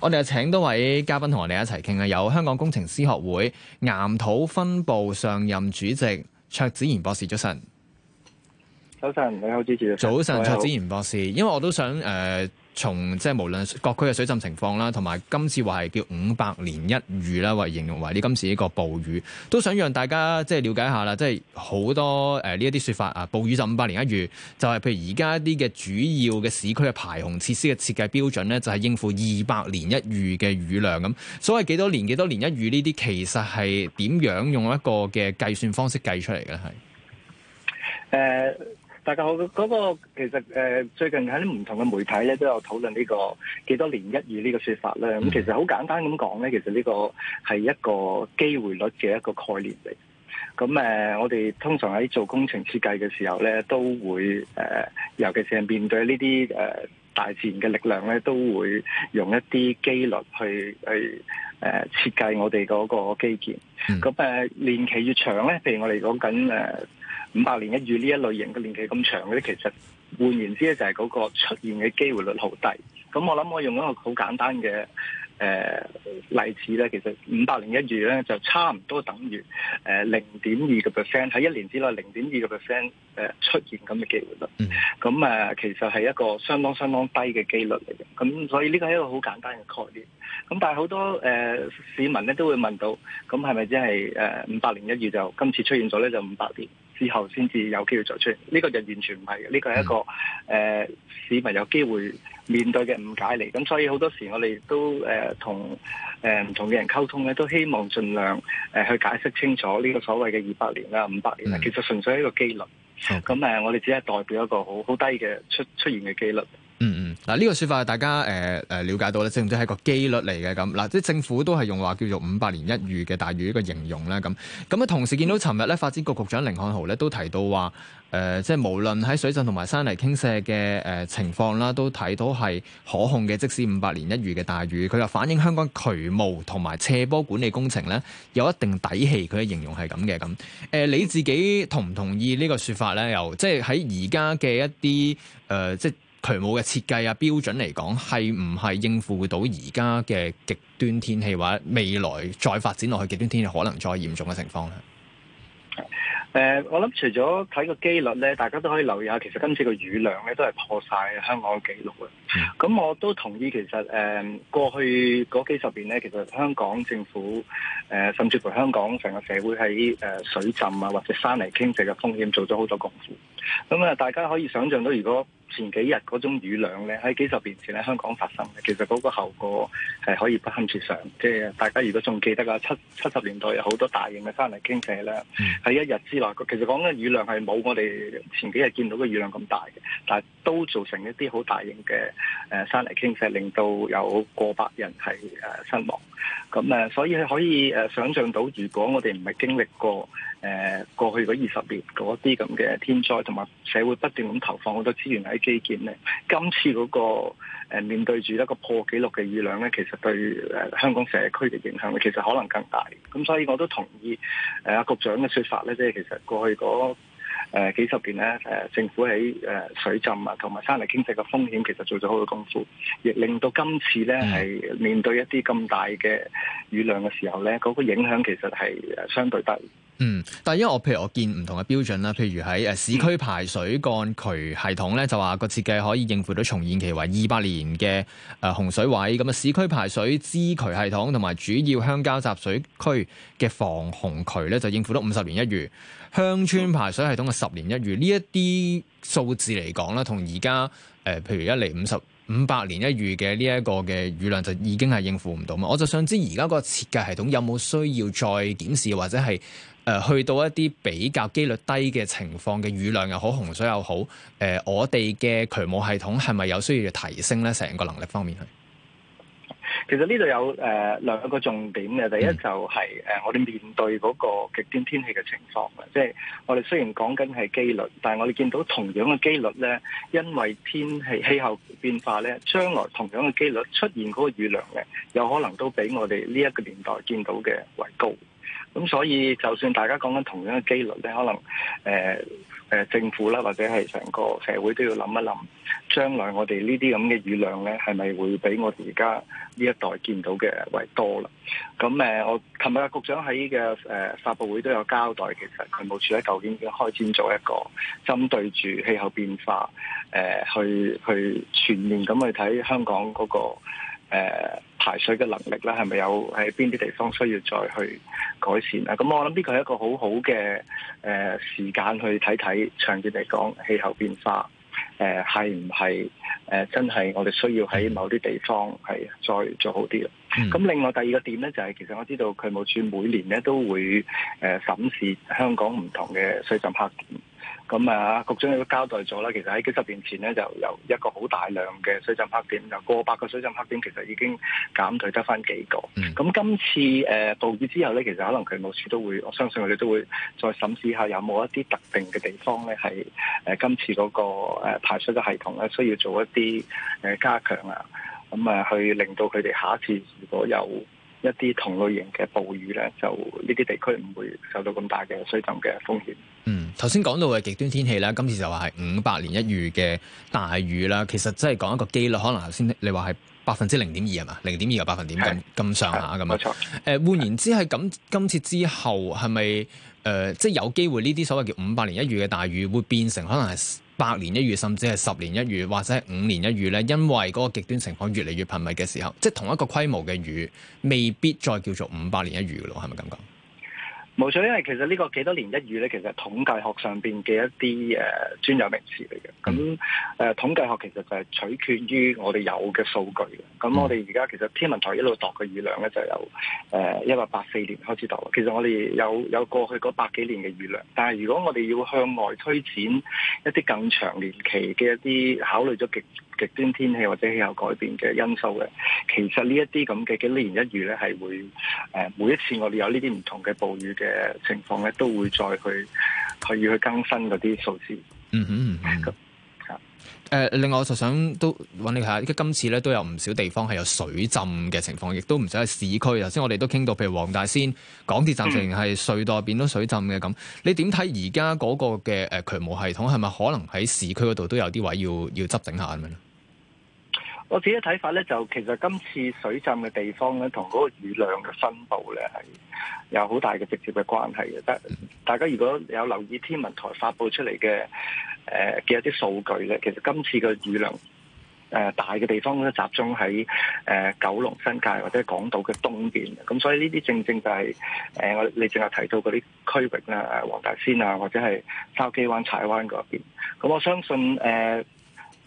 我哋就請多位嘉賓同我哋一齊傾啊，有香港工程師學會岩土分部上任主席卓子然博士，早晨。早晨，你好，主持早晨，卓子然博士，因為我都想誒。呃從即係無論各區嘅水浸情況啦，同埋今次話係叫五百年一遇啦，或形容為你今次呢個暴雨，都想讓大家即係了解一下啦，即係好多誒呢一啲說法啊，暴雨就五百年一遇，就係譬如而家一啲嘅主要嘅市區嘅排洪設施嘅設計標準咧，就係應付二百年一遇嘅雨量咁。所謂幾多年幾多年一遇呢啲，其實係點樣用一個嘅計算方式計出嚟嘅係？誒。Uh 大家好，嗰個其實誒最近喺啲唔同嘅媒體咧都有討論呢個幾多年一遇呢個說法啦。咁其實好簡單咁講咧，其實呢個係一個機會率嘅一個概念嚟。咁誒，我哋通常喺做工程設計嘅時候咧，都會誒、呃，尤其是係面對呢啲誒大自然嘅力量咧，都會用一啲機率去去誒、呃、設計我哋嗰個基建。咁誒、嗯、年期越長咧，譬如我哋講緊誒。呃五百年一遇呢一類型嘅年期咁長嗰啲，其實換言之咧，就係嗰個出現嘅機會率好低。咁我諗我用一個好簡單嘅誒、呃、例子咧，其實五百年一遇咧就差唔多等於誒零點二個 percent 喺一年之內零點二個 percent 誒出現咁嘅機會率。咁誒、呃、其實係一個相當相當低嘅機率嚟嘅。咁所以呢個係一個好簡單嘅概念。咁但係好多誒、呃、市民咧都會問到，咁係咪即係誒五百年一遇就今次出現咗咧就五百年？之後先至有機會作出，呢、這個就完全唔係嘅，呢、這個係一個誒、嗯呃、市民有機會面對嘅誤解嚟。咁所以好多時我哋都誒、呃呃、同誒唔同嘅人溝通咧，都希望儘量誒、呃、去解釋清楚呢個所謂嘅二百年啊、五百年啊，其實純粹係一個機率。咁誒、嗯，我哋只係代表一個好好低嘅出出現嘅機率。嗯嗯，嗱、這、呢個說法大家誒誒、呃、了解到咧，即係唔知係個機率嚟嘅咁，嗱即係政府都係用話叫做五百年一遇嘅大雨呢個形容咧咁。咁、呃、啊同時見到尋日咧發展局局長甯漢豪咧都提到話，誒、呃、即係無論喺水浸同埋山泥傾瀉嘅誒情況啦，都睇到係可控嘅，即使五百年一遇嘅大雨，佢就反映香港渠務同埋斜坡管理工程咧有一定底氣，佢嘅形容係咁嘅咁。誒、呃、你自己同唔同意呢個說法咧？又即係喺而家嘅一啲誒、呃、即係。渠務嘅設計啊標準嚟講係唔係應付到而家嘅極端天氣，或者未來再發展落去極端天氣可能再嚴重嘅情況咧？誒、呃，我諗除咗睇個機率咧，大家都可以留意下，其實今次個雨量咧都係破晒香港紀錄嘅。咁、嗯、我都同意，其實誒、呃、過去嗰幾十年咧，其實香港政府誒、呃，甚至乎香港成個社會喺誒、呃、水浸啊或者山泥傾瀉嘅風險做咗好多功夫。咁啊，大家可以想象到如果前幾日嗰種雨量咧，喺幾十年前喺香港發生嘅，其實嗰個後果係可以不堪設想。即係大家如果仲記得啊，七七十年代有好多大型嘅山泥傾瀉咧，喺、嗯、一日之內，其實講緊雨量係冇我哋前幾日見到嘅雨量咁大嘅，但係都造成一啲好大型嘅誒、呃、山泥傾瀉，令到有過百人係誒、呃、身亡。咁誒，所以可以誒、呃、想像到，如果我哋唔係經歷過。誒，過去嗰二十年嗰啲咁嘅天災，同埋社會不斷咁投放好多資源喺基建咧，今次嗰個誒面對住一個破紀錄嘅雨量咧，其實對誒香港社區嘅影響，其實可能更大。咁所以我都同意誒、啊、局長嘅說法咧，即係其實過去嗰誒幾十年咧，誒政府喺誒水浸啊，同埋山泥傾瀉嘅風險，其實做咗好多功夫，亦令到今次咧係面對一啲咁大嘅雨量嘅時候咧，嗰、那個影響其實係相對低。嗯，但係因為我譬如我見唔同嘅標準啦，譬如喺誒市區排水幹渠系統咧，就話個設計可以應付到重現期為二百年嘅誒、呃、洪水位，咁啊市區排水支渠系統同埋主要鄉郊集水區嘅防洪渠咧，就應付到五十年一遇，鄉村排水系統嘅十年一遇，呢一啲數字嚟講咧，同而家誒譬如一嚟五十。五百年一遇嘅呢一個嘅雨量就已經係應付唔到嘛，我就想知而家個設計系統有冇需要再檢視，或者係誒、呃、去到一啲比較機率低嘅情況嘅雨量又好，洪水又好，誒、呃、我哋嘅渠務系統係咪有需要提升咧？成個能力方面。其實呢度有誒兩個重點嘅，第一就係誒我哋面對嗰個極端天氣嘅情況，即係我哋雖然講緊係機率，但係我哋見到同樣嘅機率呢，因為天氣氣候變化呢，將來同樣嘅機率出現嗰個雨量呢，有可能都比我哋呢一個年代見到嘅為高。咁所以就算大家講緊同樣嘅機率咧，可能誒誒、呃呃、政府啦，或者係成個社會都要諗一諗，將來我哋呢啲咁嘅雨量咧，係咪會比我哋而家呢一代見到嘅為多啦？咁誒、呃，我琴日啊，局長喺嘅誒發布會都有交代，其實環保署咧究竟要開展做一個針對住氣候變化誒、呃、去去全面咁去睇香港嗰、嗰個誒。呃排水嘅能力咧，係咪有喺邊啲地方需要再去改善啊？咁我諗呢個係一個好好嘅誒時間去睇睇，長遠嚟講氣候變化誒係唔係誒真係我哋需要喺某啲地方係再做好啲啊？咁、嗯、另外第二個點咧、就是，就係其實我知道渠務署每年咧都會誒審視香港唔同嘅水浸黑點。咁啊，嗯、局長亦都交代咗啦。其實喺幾十年前咧，就有一個好大量嘅水浸黑點，就過百個水浸黑點，其實已經減退得翻幾個。咁、嗯、今次誒暴雨之後咧，其實可能佢每次都會，我相信佢哋都會再審視下有冇一啲特定嘅地方咧，係誒今次嗰個排水嘅系統咧，需要做一啲誒加強啊。咁啊，去令到佢哋下一次如果有一啲同類型嘅暴雨咧，就呢啲地區唔會受到咁大嘅水浸嘅風險。嗯，頭先講到嘅極端天氣咧，今次就話係五百年一遇嘅大雨啦。其實即係講一個機率，可能頭先你話係百分之零點二係嘛？零點二嘅百分點咁咁上下咁啊。冇錯。誒，換言之係咁，是今次之後係咪誒，即係有機會呢啲所謂叫五百年一遇嘅大雨會變成可能係？百年一遇，甚至係十年一遇，或者係五年一遇咧，因為個極端情況越嚟越頻密嘅時候，即係同一個規模嘅雨，未必再叫做五百年一遇嘅咯，係咪咁講？冇錯，因為其實呢個幾多年一遇咧，其實統計學上邊嘅一啲誒、呃、專有名詞嚟嘅。咁誒、呃、統計學其實就係取決於我哋有嘅數據嘅。咁我哋而家其實天文台一路度嘅雨量咧，就由誒一八八四年開始度。其實我哋有有過去嗰百幾年嘅雨量，但係如果我哋要向外推展一啲更長年期嘅一啲考慮咗極極端天氣或者氣候改變嘅因素嘅。其實呢一啲咁嘅幾年一遇咧，係會誒每一次我哋有呢啲唔同嘅暴雨嘅情況咧，都會再去去要去更新嗰啲數字嗯。嗯哼，誒、 呃，另外我就想都揾你睇下，因為今次咧都有唔少地方係有水浸嘅情況，亦都唔止係市區。頭先我哋都傾到，譬如黃大仙港鐵站成係隧道入邊都水浸嘅咁，嗯、你點睇而家嗰個嘅誒渠務系統係咪可能喺市區嗰度都有啲位要要執整下咁樣咧？我自己睇法咧，就其實今次水浸嘅地方咧，同嗰個雨量嘅分佈咧係有好大嘅直接嘅關係嘅。得大家如果有留意天文台發布出嚟嘅誒嘅一啲數據咧，其實今次嘅雨量誒、呃、大嘅地方咧，集中喺誒、呃、九龍新界或者港島嘅東邊。咁所以呢啲正正就係誒我你正話提到嗰啲區域啦，誒、呃、黃大仙啊，或者係筲箕灣、柴灣嗰邊。咁我相信誒，呃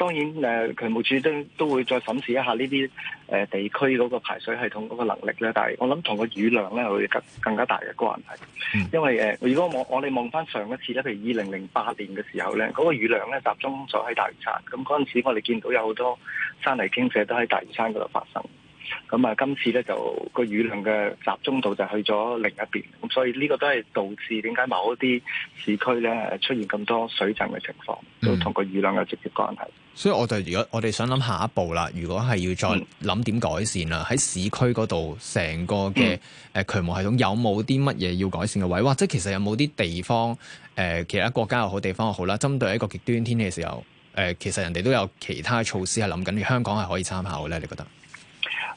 當然，誒，渠務署都都會再審視一下呢啲誒地區嗰個排水系統嗰個能力咧。但係我諗同個雨量咧會更更加大嘅關係，因為誒、呃，如果我我哋望翻上一次咧，譬如二零零八年嘅時候咧，嗰、嗰個雨量咧集中咗喺大嶼山，咁嗰陣時我哋見到有好多山泥傾瀉都喺大嶼山嗰度發生。咁啊，今次咧就個雨量嘅集中度就去咗另一邊，咁所以呢個都係導致點解某一啲市區咧出現咁多水浸嘅情況，都同個雨量有直接關係。所以我哋如果我哋想諗下一步啦，如果係要再諗點改善啦，喺、嗯、市區嗰度成個嘅誒渠務系統有冇啲乜嘢要改善嘅位，或者其實有冇啲地方誒其他國家又好，地方又好啦，針對一個極端天氣時候誒其實人哋都有其他措施係諗緊，香港係可以參考嘅咧。你覺得？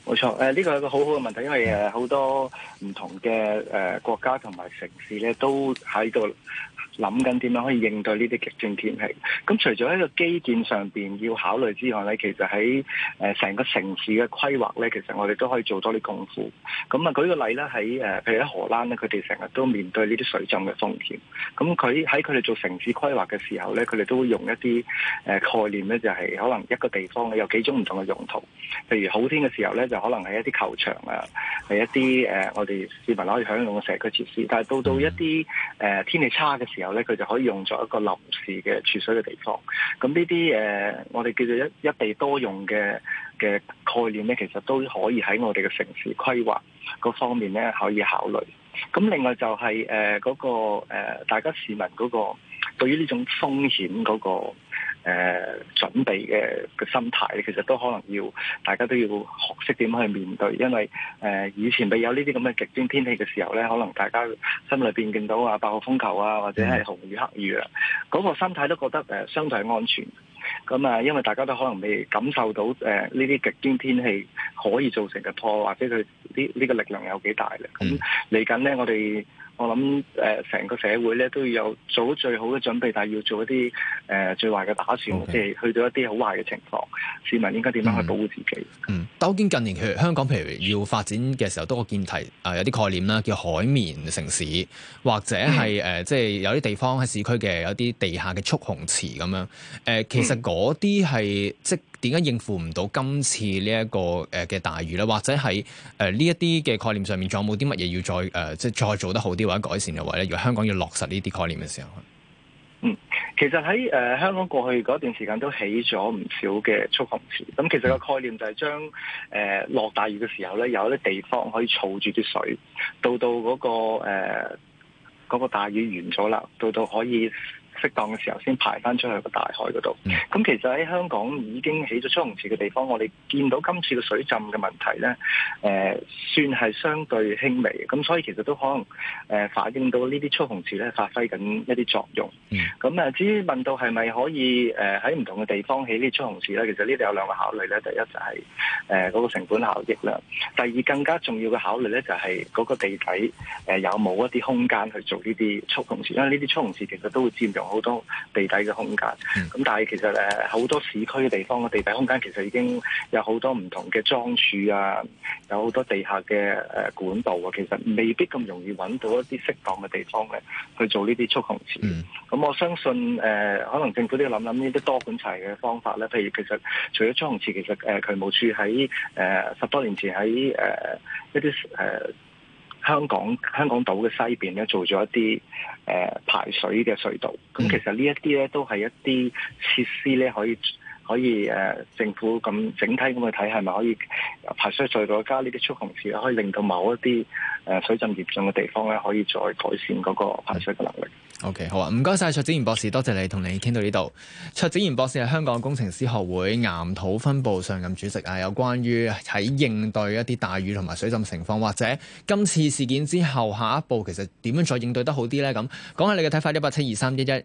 冇錯，誒、呃、呢個係一個好好嘅問題，因為誒好、呃、多唔同嘅誒、呃、國家同埋城市咧，都喺度諗緊點樣可以應對呢啲極端天氣？咁除咗喺個基建上邊要考慮之外呢，其實喺誒成個城市嘅規劃呢，其實我哋都可以做多啲功夫。咁啊，舉個例咧，喺誒譬如喺荷蘭呢，佢哋成日都面對呢啲水浸嘅風險。咁佢喺佢哋做城市規劃嘅時候呢，佢哋都會用一啲誒概念呢、就是，就係可能一個地方有幾種唔同嘅用途。譬如好天嘅時候呢，就可能係一啲球場啊，係一啲誒、呃、我哋市民可以享用嘅社區設施。但係到到一啲誒、呃、天氣差嘅時候，然後咧，佢就可以用作一個臨時嘅儲水嘅地方。咁呢啲誒，我哋叫做一一地多用嘅嘅概念咧，其實都可以喺我哋嘅城市規劃嗰方面咧，可以考慮。咁另外就係誒，嗰個誒，大家市民嗰個對於呢種風險嗰個。誒、呃、準備嘅個心態，其實都可能要大家都要學識點去面對，因為誒、呃、以前未有呢啲咁嘅極端天氣嘅時候咧，可能大家心裏邊見到話八號風球啊，或者係紅雨黑雨啊，嗰個心態都覺得誒、呃、相對安全。咁啊，因為大家都可能未感受到誒呢啲極端天氣可以造成嘅破，或者佢呢呢個力量有幾大咧？咁嚟緊咧，我哋我諗誒成個社會咧都要有做最好嘅準備，但係要做一啲誒、呃、最壞嘅打算，即係 Okay 去到一啲好壞嘅情況，市民應該點樣去保護自己嗯？嗯，但我見近年佢香港譬如要發展嘅時候，多個見題啊，有啲概念啦，叫海綿城市，或者係誒、嗯嗯嗯、即係有啲地方喺市區嘅有啲地下嘅蓄洪池咁樣誒其實。嗰啲係即點解應付唔到今次呢、這、一個誒嘅、呃、大雨咧？或者係誒呢一啲嘅概念上面，仲有冇啲乜嘢要再誒、呃、即係再做得好啲或者改善嘅位咧？如果香港要落實呢啲概念嘅時候，嗯、其實喺誒、呃、香港過去嗰段時間都起咗唔少嘅蓄洪池。咁、嗯嗯、其實個概念就係將誒、呃、落大雨嘅時候呢，有一啲地方可以儲住啲水，到到嗰、那個誒、呃那個、大雨完咗啦，到到可以。適當嘅時候先排翻出去個大海嗰度。咁、嗯、其實喺香港已經起咗蓄洪池嘅地方，我哋見到今次嘅水浸嘅問題咧，誒、呃、算係相對輕微咁，所以其實都可能誒反、呃、映到呢啲蓄洪池咧發揮緊一啲作用。咁誒、嗯、至於問到係咪可以誒喺唔同嘅地方起呢啲蓄洪池咧，其實呢度有兩個考慮咧。第一就係誒嗰個成本效益啦。第二更加重要嘅考慮咧就係、是、嗰個地底誒有冇一啲空間去做呢啲蓄洪池，因為呢啲蓄洪池其實都會佔用。好多地底嘅空間，咁、mm. 但係其實誒好多市區嘅地方嘅地底空間其實已經有好多唔同嘅裝署啊，有好多地下嘅誒管道啊，其實未必咁容易揾到一啲適當嘅地方咧去做呢啲蓄洪池。咁、mm. 嗯、我相信誒、呃，可能政府都要諗諗呢啲多管齊嘅方法咧。譬如其實除咗蓄洪池，其實誒渠務署喺誒十多年前喺誒、呃、一啲誒。呃香港香港島嘅西邊咧做咗一啲誒、呃、排水嘅隧道，咁其實呢一啲咧都係一啲設施咧可以可以誒、呃、政府咁整體咁去睇係咪可以排水隧道加呢啲蓄洪池可以令到某一啲誒、呃、水浸嚴重嘅地方咧可以再改善嗰個排水嘅能力。OK，好啊，唔該晒。卓子然博士，多謝你同你傾到呢度。卓子然博士係香港工程師學會岩土分部上任主席啊，有關於喺應對一啲大雨同埋水浸情況，或者今次事件之後下一步其實點樣再應對得好啲咧？咁講下你嘅睇法一八七二三一一。1, 7, 2, 3, 1, 1